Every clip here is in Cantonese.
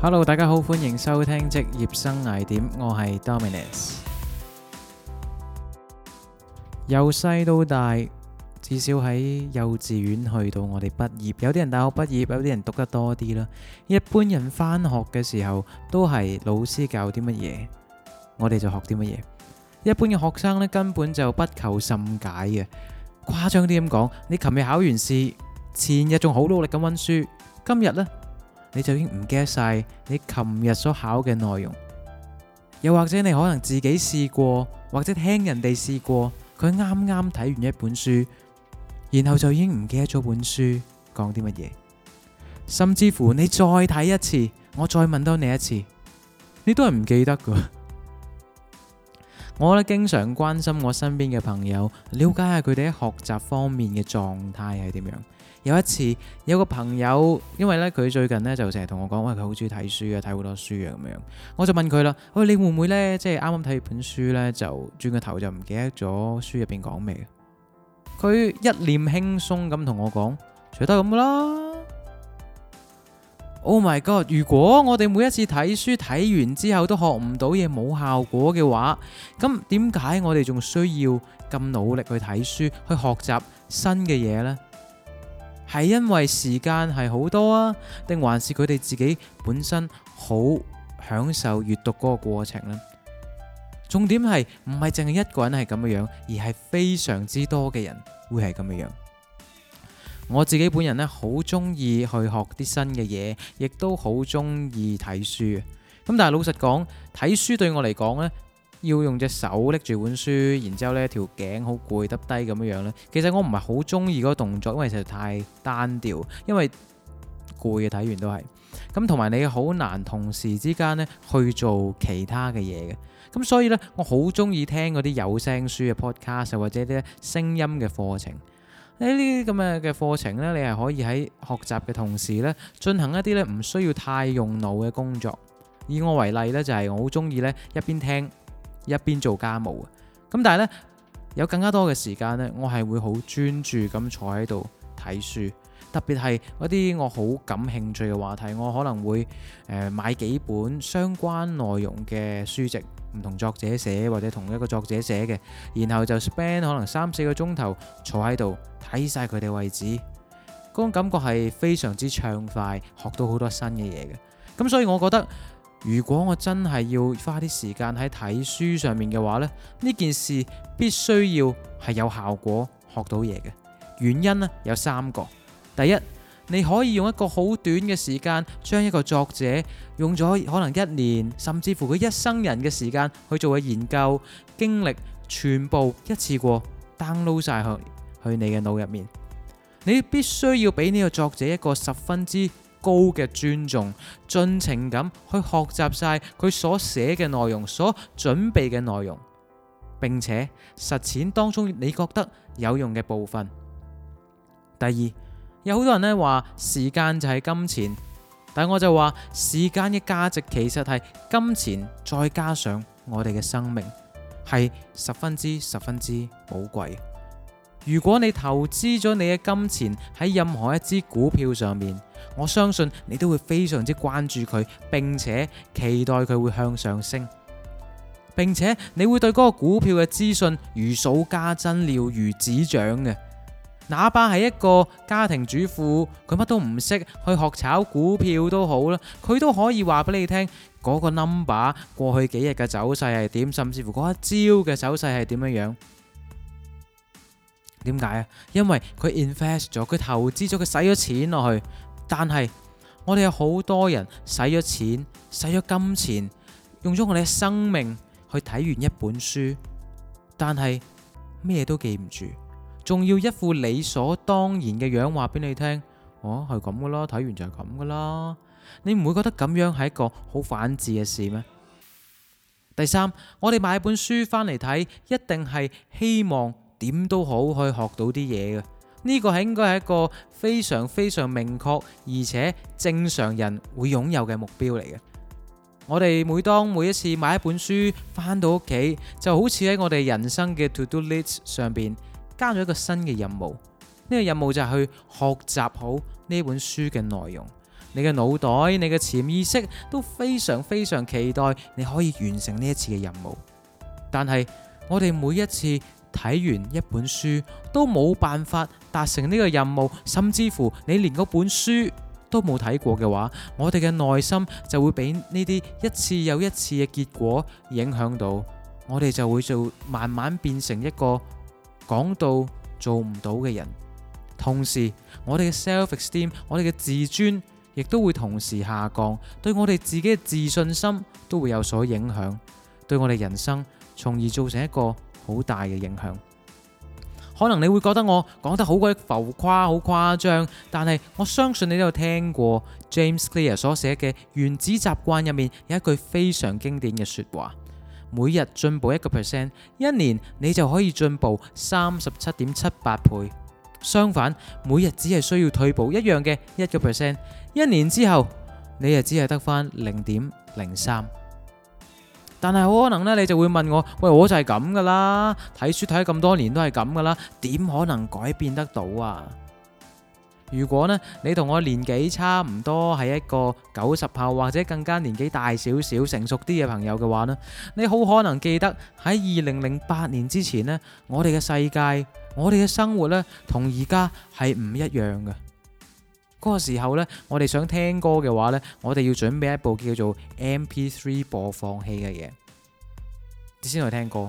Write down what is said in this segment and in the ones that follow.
Hello，大家好，歡迎收聽職業生涯點，我係 Dominus。由細到大，至少喺幼稚園去到我哋畢業，有啲人大學畢業，有啲人讀得多啲啦。一般人翻學嘅時候，都係老師教啲乜嘢，我哋就學啲乜嘢。一般嘅學生呢，根本就不求甚解嘅。誇張啲咁講，你琴日考完試，前日仲好努力咁溫書，今日呢。你就已經唔記得晒你琴日所考嘅內容，又或者你可能自己試過，或者聽人哋試過，佢啱啱睇完一本書，然後就已經唔記得咗本書講啲乜嘢，甚至乎你再睇一次，我再問多你一次，你都係唔記得㗎。我咧經常關心我身邊嘅朋友，了解下佢哋喺學習方面嘅狀態係點樣。有一次，有個朋友，因為咧佢最近咧就成日同我講，喂佢好中意睇書啊，睇好多書啊咁樣。我就問佢啦，喂你會唔會呢？即係啱啱睇完本書呢，就轉個頭就唔記得咗書入邊講咩？佢一臉輕鬆咁同我講，除得咁噶啦。Oh my god！如果我哋每一次睇書睇完之後都學唔到嘢，冇效果嘅話，咁點解我哋仲需要咁努力去睇書去學習新嘅嘢呢？係因為時間係好多啊，定還是佢哋自己本身好享受閱讀嗰個過程呢？重點係唔係淨係一個人係咁嘅樣，而係非常之多嘅人會係咁嘅樣。我自己本人呢，好中意去學啲新嘅嘢，亦都好中意睇書。咁但係老實講，睇書對我嚟講呢。要用隻手拎住本書，然之後呢條頸好攰，耷低咁樣樣咧。其實我唔係好中意嗰個動作，因為實在太單調，因為攰嘅睇完都係咁，同埋你好難同時之間呢去做其他嘅嘢嘅。咁所以呢，我好中意聽嗰啲有聲書嘅 podcast，或者啲聲音嘅課程。呢啲咁嘅嘅課程呢，你係可以喺學習嘅同時呢進行一啲呢唔需要太用腦嘅工作。以我為例呢，就係、是、我好中意呢一邊聽。一邊做家務啊，咁但係呢，有更加多嘅時間呢，我係會好專注咁坐喺度睇書，特別係一啲我好感興趣嘅話題，我可能會誒買幾本相關內容嘅書籍，唔同作者寫或者同一個作者寫嘅，然後就 spend 可能三四個鐘頭坐喺度睇晒佢哋位置，嗰種感覺係非常之暢快，學到好多新嘅嘢嘅，咁所以我覺得。如果我真係要花啲時間喺睇書上面嘅話呢，呢件事必須要係有效果學到嘢嘅。原因呢有三個：第一，你可以用一個好短嘅時間，將一個作者用咗可能一年，甚至乎佢一生人嘅時間去做嘅研究經歷，全部一次過 download 晒去去你嘅腦入面。你必須要俾呢個作者一個十分之。高嘅尊重，盡情咁去學習晒佢所寫嘅內容，所準備嘅內容，並且實踐當中你覺得有用嘅部分。第二，有好多人咧話時間就係金錢，但我就話時間嘅價值其實係金錢再加上我哋嘅生命，係十分之十分之寶貴。如果你投資咗你嘅金錢喺任何一支股票上面，我相信你都會非常之關注佢，並且期待佢會向上升，並且你會對嗰個股票嘅資訊如數家珍，了如指掌嘅。哪怕係一個家庭主婦，佢乜都唔識，去學炒股票都好啦，佢都可以話俾你聽嗰個 number 過去幾日嘅走勢係點，甚至乎嗰一朝嘅走勢係點樣樣。點解啊？因為佢 invest 咗，佢投資咗，佢使咗錢落去。但係我哋有好多人使咗錢，使咗金錢，用咗我哋嘅生命去睇完一本書，但係咩都記唔住，仲要一副理所當然嘅樣話俾你聽。哦，係咁噶啦，睇完就係咁噶啦。你唔會覺得咁樣係一個好反智嘅事咩？第三，我哋買本書翻嚟睇，一定係希望。點都好可以學到啲嘢嘅，呢個係應該係一個非常非常明確而且正常人會擁有嘅目標嚟嘅。我哋每當每一次買一本書翻到屋企，就好似喺我哋人生嘅 to do list 上邊加咗一個新嘅任務。呢個任務就係去學習好呢本書嘅內容。你嘅腦袋、你嘅潛意識都非常非常期待你可以完成呢一次嘅任務。但係我哋每一次，睇完一本書都冇辦法達成呢個任務，甚至乎你連嗰本書都冇睇過嘅話，我哋嘅內心就會俾呢啲一次又一次嘅結果影響到，我哋就會做慢慢變成一個講到做唔到嘅人，同時我哋嘅 self-esteem，我哋嘅自尊亦都會同時下降，對我哋自己嘅自信心都會有所影響，對我哋人生，從而造成一個。好大嘅影響，可能你會覺得我講得好鬼浮誇、好誇張，但係我相信你都有聽過 James Clear 所寫嘅《原子習慣》入面有一句非常經典嘅說話：每日進步一個 percent，一年你就可以進步三十七點七八倍。相反，每日只係需要退步一樣嘅一個 percent，一年之後你又只係得翻零點零三。但係好可能呢，你就會問我，喂，我就係咁噶啦，睇書睇咁多年都係咁噶啦，點可能改變得到啊？如果呢，你同我年紀差唔多，係一個九十後或者更加年紀大少少、成熟啲嘅朋友嘅話，呢你好可能記得喺二零零八年之前呢，我哋嘅世界，我哋嘅生活呢，同而家係唔一樣嘅。嗰個時候呢，我哋想聽歌嘅話呢，我哋要準備一部叫做 MP3 播放器嘅嘢，你先去聽歌。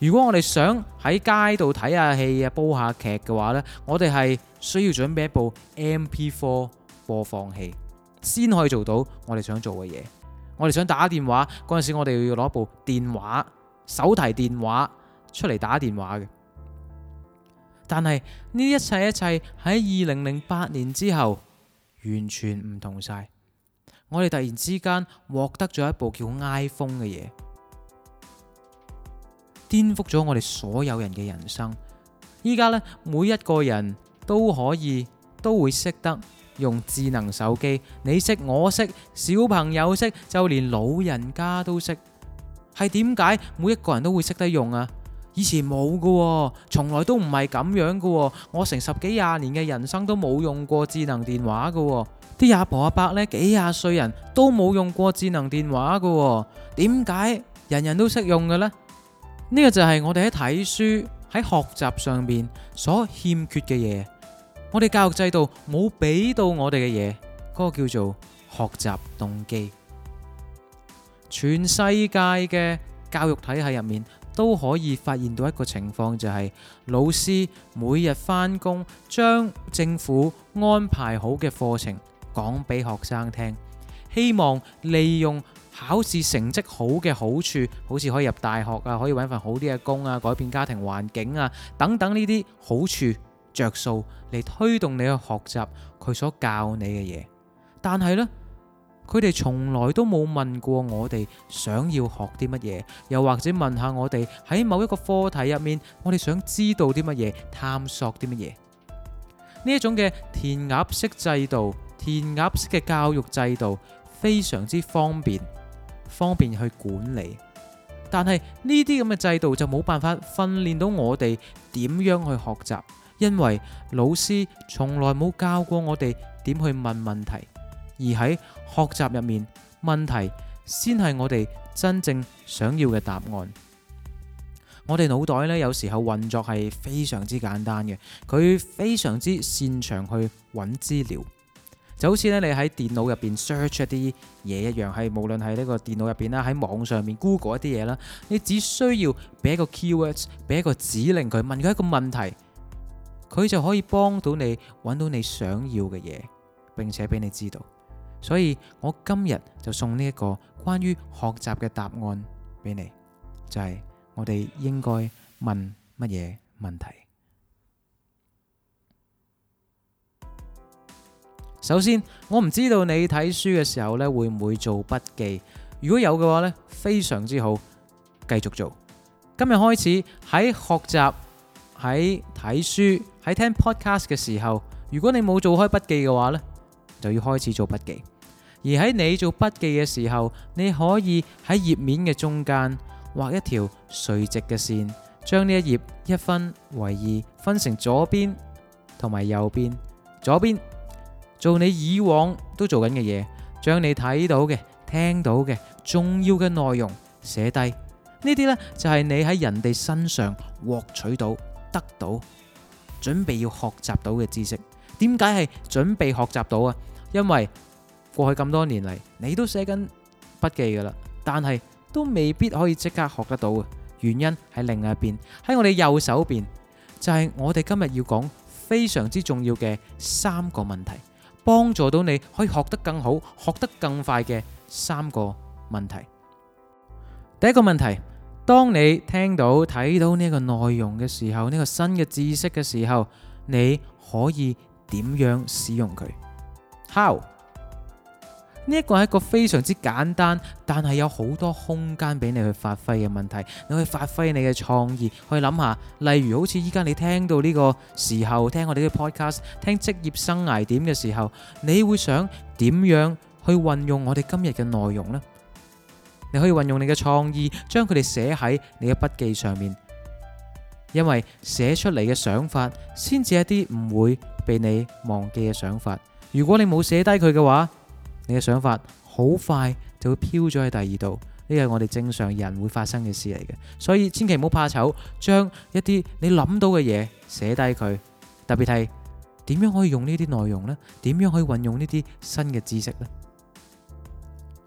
如果我哋想喺街度睇下戲啊、煲下劇嘅話呢，我哋係需要準備一部 MP4 播放器先可以做到我哋想做嘅嘢。我哋想打電話嗰陣時，我哋要攞部電話、手提電話出嚟打電話嘅。但係呢一切一切喺二零零八年之後完全唔同晒，我哋突然之間獲得咗一部叫 iPhone 嘅嘢，顛覆咗我哋所有人嘅人生。依家呢，每一個人都可以都會識得用智能手機，你識我識，小朋友識，就連老人家都識。係點解每一個人都會識得用啊？以前冇噶，從來都唔係咁樣噶。我成十幾廿年嘅人生都冇用過智能電話噶。啲阿婆阿伯呢，幾廿歲人都冇用過智能電話噶。點解人人都識用嘅呢？呢個就係我哋喺睇書、喺學習上面所欠缺嘅嘢。我哋教育制度冇俾到我哋嘅嘢，嗰個叫做學習動機。全世界嘅教育體系入面。都可以發現到一個情況，就是，就係老師每日翻工，將政府安排好嘅課程講俾學生聽，希望利用考試成績好嘅好處，好似可以入大學啊，可以揾份好啲嘅工啊，改變家庭環境啊等等呢啲好處着數嚟推動你去學習佢所教你嘅嘢，但係呢。佢哋從來都冇問過我哋想要學啲乜嘢，又或者問下我哋喺某一個課題入面，我哋想知道啲乜嘢，探索啲乜嘢。呢一種嘅填鴨式制度，填鴨式嘅教育制度，非常之方便，方便去管理。但係呢啲咁嘅制度就冇辦法訓練到我哋點樣去學習，因為老師從來冇教過我哋點去問問題。而喺學習入面，問題先係我哋真正想要嘅答案。我哋腦袋呢，有時候運作係非常之簡單嘅，佢非常之擅長去揾資料。就好似呢，你喺電腦入邊 search 一啲嘢一樣，係無論係呢個電腦入邊啦，喺網上面 Google 一啲嘢啦，你只需要俾一個 keywords，俾一個指令佢，問佢一個問題，佢就可以幫到你揾到你想要嘅嘢，並且俾你知道。所以我今日就送呢一個關於學習嘅答案俾你，就係我哋應該問乜嘢問題。首先，我唔知道你睇書嘅時候呢會唔會做筆記？如果有嘅話呢，非常之好，繼續做。今日開始喺學習、喺睇書、喺聽 podcast 嘅時候，如果你冇做開筆記嘅話呢。就要開始做筆記，而喺你做筆記嘅時候，你可以喺頁面嘅中間畫一條垂直嘅線，將呢一頁一分為二，分成左邊同埋右邊。左邊做你以往都做緊嘅嘢，將你睇到嘅、聽到嘅重要嘅內容寫低。呢啲呢，就係你喺人哋身上獲取到、得到準備要學習到嘅知識。點解係準備學習到啊？因為過去咁多年嚟，你都寫緊筆記噶啦，但係都未必可以即刻學得到啊。原因喺另外一邊，喺我哋右手邊，就係我哋今日要講非常之重要嘅三個問題，幫助到你可以學得更好、學得更快嘅三個問題。第一個問題，當你聽到、睇到呢個內容嘅時候，呢個新嘅知識嘅時候，你可以點樣使用佢？How 呢一個係一個非常之簡單，但係有好多空間俾你去發揮嘅問題。你可以發揮你嘅創意，去諗下，例如好似依家你聽到呢個時候，聽我哋啲 podcast，聽職業生涯點嘅時候，你會想點樣去運用我哋今日嘅內容呢？你可以運用你嘅創意，將佢哋寫喺你嘅筆記上面，因為寫出嚟嘅想法先至一啲唔會。被你忘記嘅想法，如果你冇寫低佢嘅話，你嘅想法好快就會飄咗喺第二度。呢個係我哋正常人會發生嘅事嚟嘅，所以千祈唔好怕醜，將一啲你諗到嘅嘢寫低佢。特別係點樣可以用呢啲內容呢？點樣可以運用呢啲新嘅知識呢？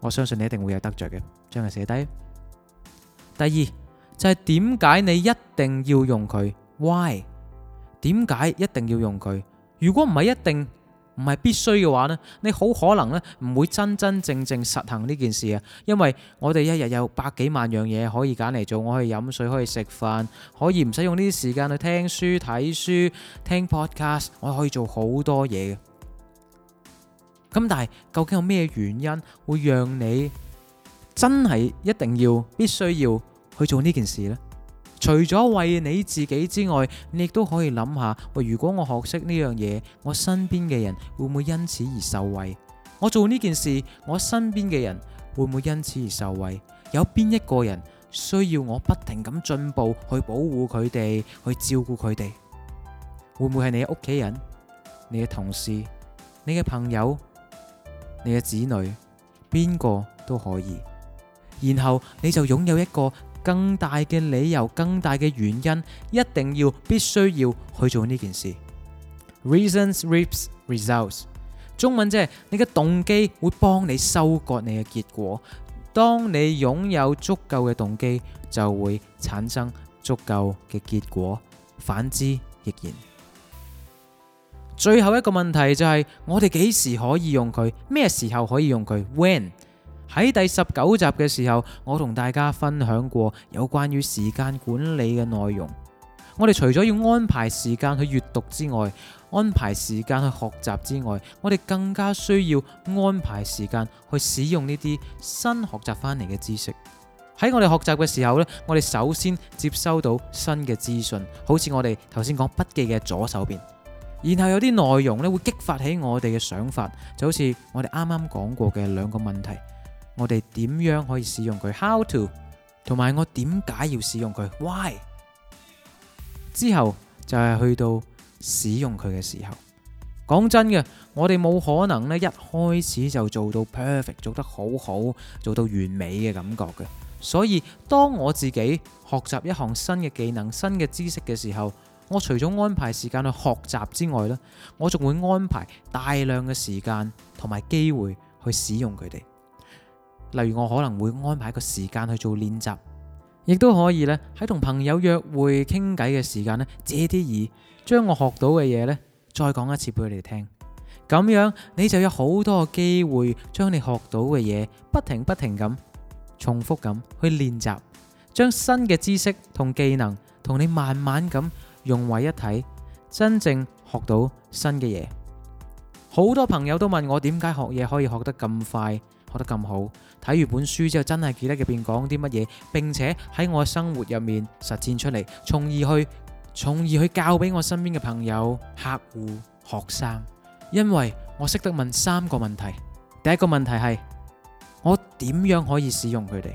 我相信你一定會有得着嘅，將佢寫低。第二就係點解你一定要用佢？Why？點解一定要用佢？如果唔係一定，唔係必須嘅話呢，你好可能呢唔會真真正正實行呢件事啊，因為我哋一日有百幾萬樣嘢可以揀嚟做，我可以飲水，可以食飯，可以唔使用呢啲時間去聽書、睇書、聽 podcast，我可以做好多嘢。咁但係，究竟有咩原因會讓你真係一定要必須要去做呢件事呢？除咗為你自己之外，你亦都可以諗下：喂，如果我學識呢樣嘢，我身邊嘅人會唔會因此而受惠？我做呢件事，我身邊嘅人會唔會因此而受惠？有邊一個人需要我不停咁進步去保護佢哋，去照顧佢哋？會唔會係你嘅屋企人、你嘅同事、你嘅朋友、你嘅子女？邊個都可以。然後你就擁有一個。更大嘅理由，更大嘅原因，一定要，必須要去做呢件事。Reasons reaps results。中文即係你嘅動機會幫你收割你嘅結果。當你擁有足夠嘅動機，就會產生足夠嘅結果。反之亦然。最後一個問題就係我哋幾時可以用佢？咩時候可以用佢？When？喺第十九集嘅時候，我同大家分享過有關於時間管理嘅內容。我哋除咗要安排時間去閱讀之外，安排時間去學習之外，我哋更加需要安排時間去使用呢啲新學習翻嚟嘅知識。喺我哋學習嘅時候呢，我哋首先接收到新嘅資訊，好似我哋頭先講筆記嘅左手邊，然後有啲內容呢會激發起我哋嘅想法，就好似我哋啱啱講過嘅兩個問題。我哋點樣可以使用佢？How to？同埋我點解要使用佢？Why？之後就係去到使用佢嘅時候。講真嘅，我哋冇可能咧，一開始就做到 perfect，做得好好，做到完美嘅感覺嘅。所以當我自己學習一項新嘅技能、新嘅知識嘅時候，我除咗安排時間去學習之外咧，我仲會安排大量嘅時間同埋機會去使用佢哋。例如我可能會安排個時間去做練習，亦都可以咧喺同朋友約會傾偈嘅時間咧，借啲意，將我學到嘅嘢咧再講一次俾佢哋聽，咁樣你就有好多個機會將你學到嘅嘢不停不停咁重複咁去練習，將新嘅知識同技能同你慢慢咁融為一體，真正學到新嘅嘢。好多朋友都問我點解學嘢可以學得咁快，得咁好，睇完本書之後，真係記得入邊講啲乜嘢，並且喺我嘅生活入面實踐出嚟，從而去從而去教俾我身邊嘅朋友、客戶、學生。因為我識得問三個問題，第一個問題係我點樣可以使用佢哋；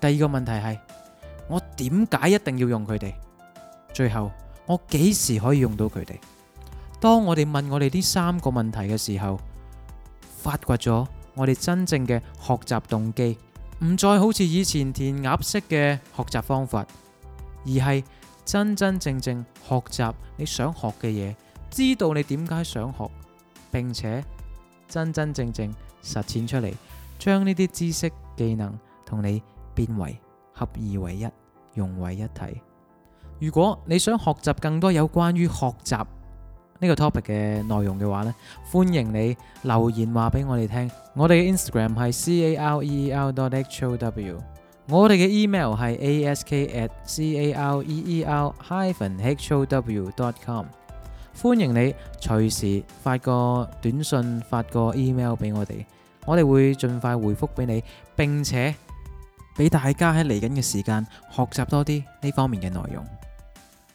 第二個問題係我點解一定要用佢哋；最後我幾時可以用到佢哋？當我哋問我哋呢三個問題嘅時候，發掘咗。我哋真正嘅學習動機，唔再好似以前填鴨式嘅學習方法，而係真真正正學習你想學嘅嘢，知道你點解想學，並且真真正正實踐出嚟，將呢啲知識技能同你變為合二為一、融為一體。如果你想學習更多有關於學習，呢個 topic 嘅內容嘅話呢，歡迎你留言話俾我哋聽。我哋嘅 Instagram 係 c a r e e r dot h o w，我哋嘅 email 係 ask at c a r e e r hyphen h o w dot com。歡迎你隨時發個短信、發個 email 俾我哋，我哋會盡快回覆俾你，並且俾大家喺嚟緊嘅時間學習多啲呢方面嘅內容。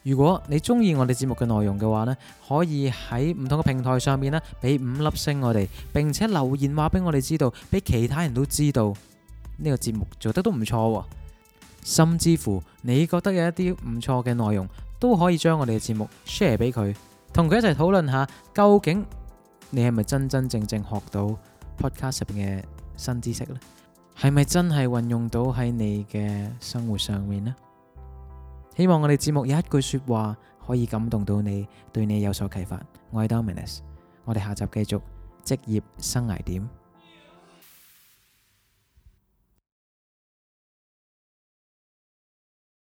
如果你中意我哋節目嘅內容嘅話呢，可以喺唔同嘅平台上面呢俾五粒星我哋，並且留言話俾我哋知道，俾其他人都知道呢個節目做得都唔錯。甚至乎你覺得有一啲唔錯嘅內容，都可以將我哋嘅節目 share 俾佢，同佢一齊討論下，究竟你係咪真真正正學到 podcast 入邊嘅新知識呢？係咪真係運用到喺你嘅生活上面呢？希望我哋節目有一句說話可以感動到你，對你有所啟發。我係 Dominus，我哋下集繼續職業生涯點。